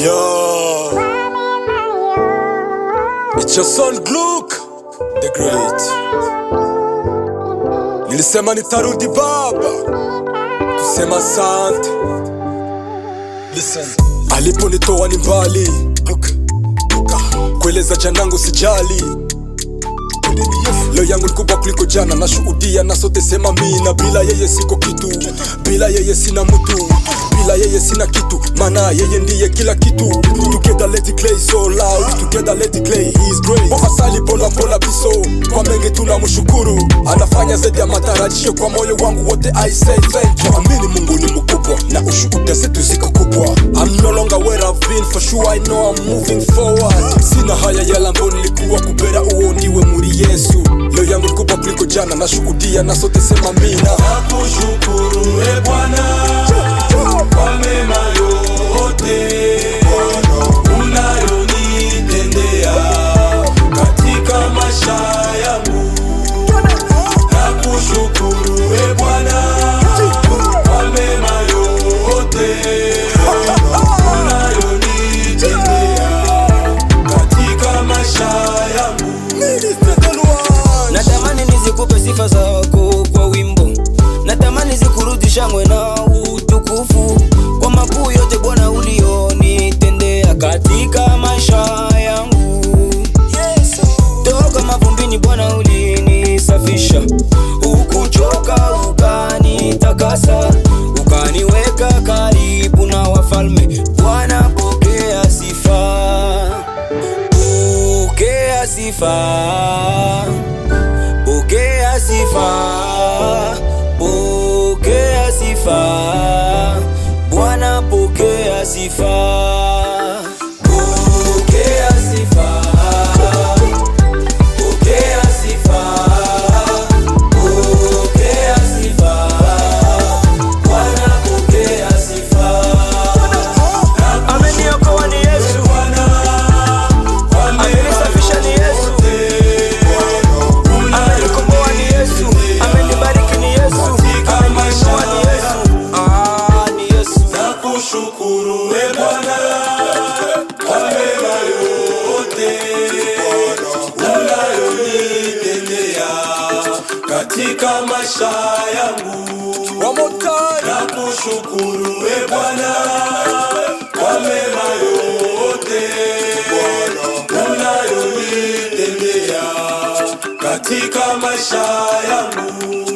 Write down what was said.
Yo. It's your son Gluck the Great. Nilisema nitarudi baba kusema asante. Listen. Aliponitoa ni mbali, Kueleza janangu sijali nini Leo yangu likubwa kuliko jana, shuhudia na sote sema na bila yeye siko kitu, bila yeye sina mtu, bila yeye sina kitu, maana yeye ndiye kila kitu. Together let it play so loud, together let it play his grace. kwa sali pola pola biso, kwa mengi tunamshukuru, anafanya zaidi ya matarajio, kwa moyo wangu wote I say thank you. Amini Mungu longer where I've been for sure I know I'm moving forward. Sina haya yala ambayo nilikuwa kubera uo ndiwe muri Yesu. Leo yangu liko kuliko jana, na nashuhudia na sote sema mina. Nakushukuru e Bwana kwa mema nikupe sifa zako kwa wimbo, natamani zikurudi shangwe na utukufu kwa makuu yote Bwana ulionitendea katika maisha yangu. Toka mavumbini Bwana ulinisafisha, ukuchoka ukanitakasa, ukaniweka karibu na wafalme. Bwana pokea sifa, pokea sifa sifa, pokea sifa, Bwana pokea sifa. katika maisha yangu, nakushukuru e Bwana kwa mema yote unayonitendea katika maisha yangu.